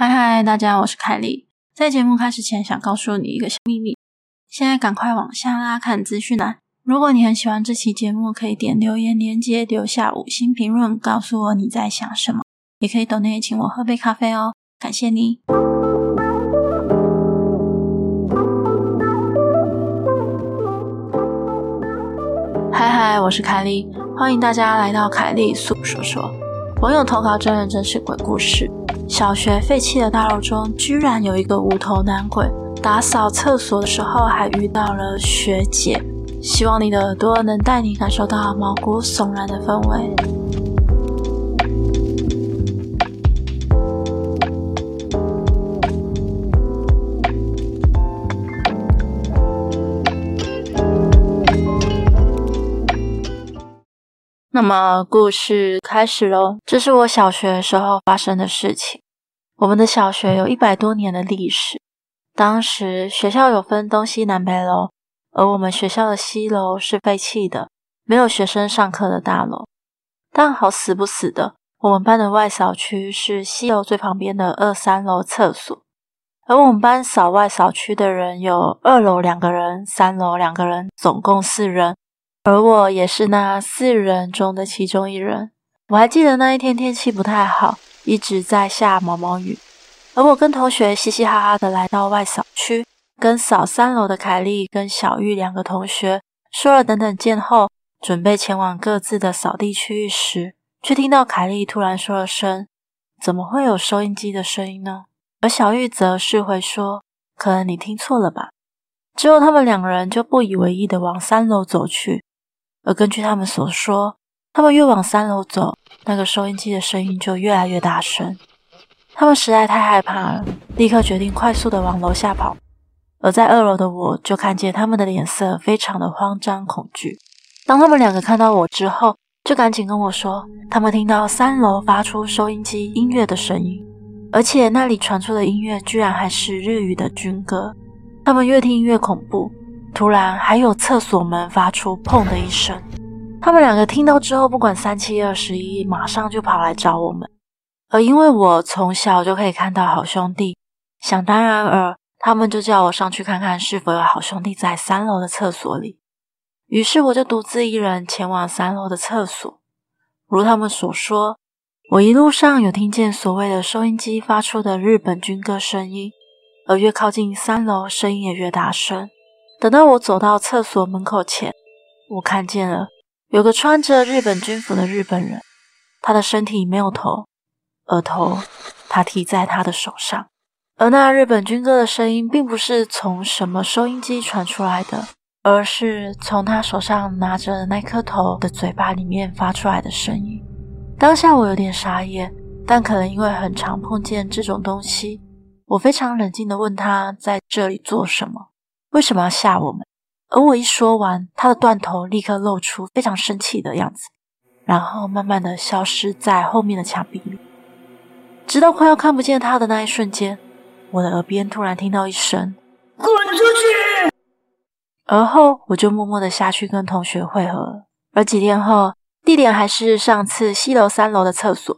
嗨嗨，大家，我是凱莉。在節目開始前，想告訴你一個小秘密。現在趕快往下拉看資訊欄、啊。如果你很喜歡這期節目，可以點留言鏈接留下五星評論，告訴我你在想什麼。也可以抖內請我喝杯咖啡哦，感謝你。嗨嗨，我是凱莉，歡迎大家來到凱莉粟說說。網友投稿真人真事鬼故事：小學廢棄的大樓中，居然有一個無頭男鬼。打掃廁所的時候，還遇到了學姐。希望你的耳朵能帶你感受到毛骨悚然的氛圍。那麼故事開始嘍。這是我小學時候發生的事情。我們的小學有一百多年的歷史。當時學校有分東西南北樓，而我們學校的西樓是廢棄的，沒有學生上課的大樓。但好死不死的，我們班的外掃區是西樓最旁邊的二三樓廁所，而我們班掃外掃區的人有二樓兩個人，三樓兩個人，總共四人。而我也是那四人中的其中一人。我還記得那一天天氣不太好，一直在下毛毛雨。而我跟同學嘻嘻哈哈的來到外掃區，跟掃三樓的凱莉跟小玉兩個同學說了“等等見”後，準備前往各自的掃地區域時，卻聽到凱莉突然說了聲：“怎麼會有收音機的聲音呢？”而小玉則是回說：“可能你聽錯了吧。”之後他們兩人就不以為意地往三樓走去。而根據他們所說，他們越往三樓走，那個收音機的聲音就越來越大聲。他們實在太害怕了，立刻決定快速的往樓下跑。而在二樓的我，就看見他們的臉色非常的慌張恐懼。當他們兩個看到我之後，就趕緊跟我說，他們聽到三樓發出收音機音樂的聲音，而且那裡傳出的音樂居然還是日語的軍歌。他們越聽越恐怖。突然，還有廁所門發出“砰”的一聲。他們兩個聽到之後，不管三七二十一，馬上就跑來找我們。而因為我從小就可以看到好兄弟，想當然爾，他們就叫我上去看看是否有好兄弟在三樓的廁所裡。於是，我就獨自一人前往三樓的廁所。如他們所說，我一路上有聽見所謂的收音機發出的日本軍歌聲音，而越靠近三樓，聲音也越大聲。等到我走到廁所門口前，我看見了有個穿着日本軍服的日本人，他的身體沒有頭，額頭他提在他的手上，而那日本軍歌的聲音並不是從什麼收音機傳出來的，而是從他手上拿着那顆頭的嘴巴裡面發出來的聲音。當下我有點傻眼，但可能因為很常碰見這種東西，我非常冷靜地問他在這裡做什麼？為什麼要嚇我們？而我一說完，他的斷頭立刻露出非常生氣的樣子，然後慢慢的消失在後面的牆壁裡，直到快要看不見他的那一瞬間，我的耳邊突然聽到一聲“滾出去”，而後我就默默的下去跟同學會合了。而幾天後，地點還是上次西樓三樓的廁所。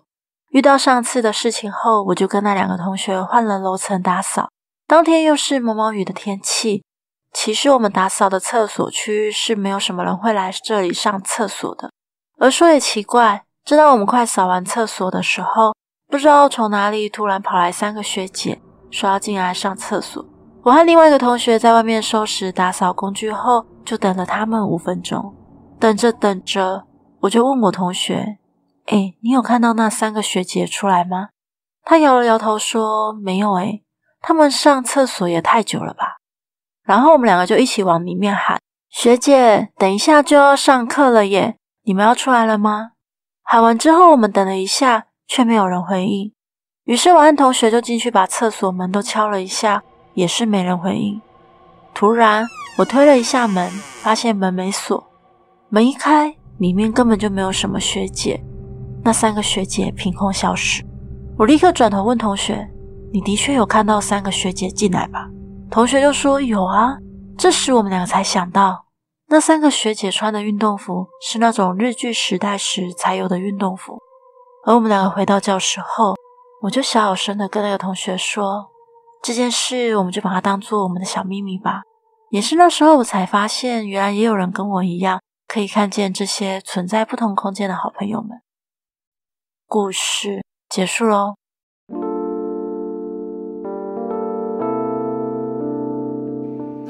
遇到上次的事情後，我就跟那兩個同學換了樓層打掃。當天又是毛毛雨的天氣。其實我們打掃的廁所區域是沒有什麼人會來這裡上廁所的。而說也奇怪，正當我們快掃完廁所的時候，不知道從哪裡突然跑來三個學姐，說要進來上廁所。我和另外一個同學在外面收拾打掃工具後，就等了他們五分鐘。等着等着，我就問我同學：“哎，你有看到那三個學姐出來嗎？”他搖了搖頭說：“沒有。”哎，他們上廁所也太久了吧。然後我們兩個就一起往裡面喊：“學姐，等一下就要上課了耶，你們要出來了嗎？”喊完之後，我們等了一下，卻沒有人回應。於是我和同學就進去把廁所門都敲了一下，也是沒人回應。突然，我推了一下門，發現門沒鎖。門一開，裡面根本就沒有什麼學姐，那三個學姐憑空消失。我立刻轉頭問同學：“你的確有看到三個學姐進來吧？”同學就說有啊，這時我們兩個才想到，那三個學姐穿的運動服是那種日據時代時才有的運動服。而我們兩個回到教室後，我就小小聲的跟那個同學說，這件事我們就把它當做我們的小祕密吧。也是那時候我才發現，原來也有人跟我一樣可以看見這些存在不同空間的好朋友們。故事結束嘍、哦。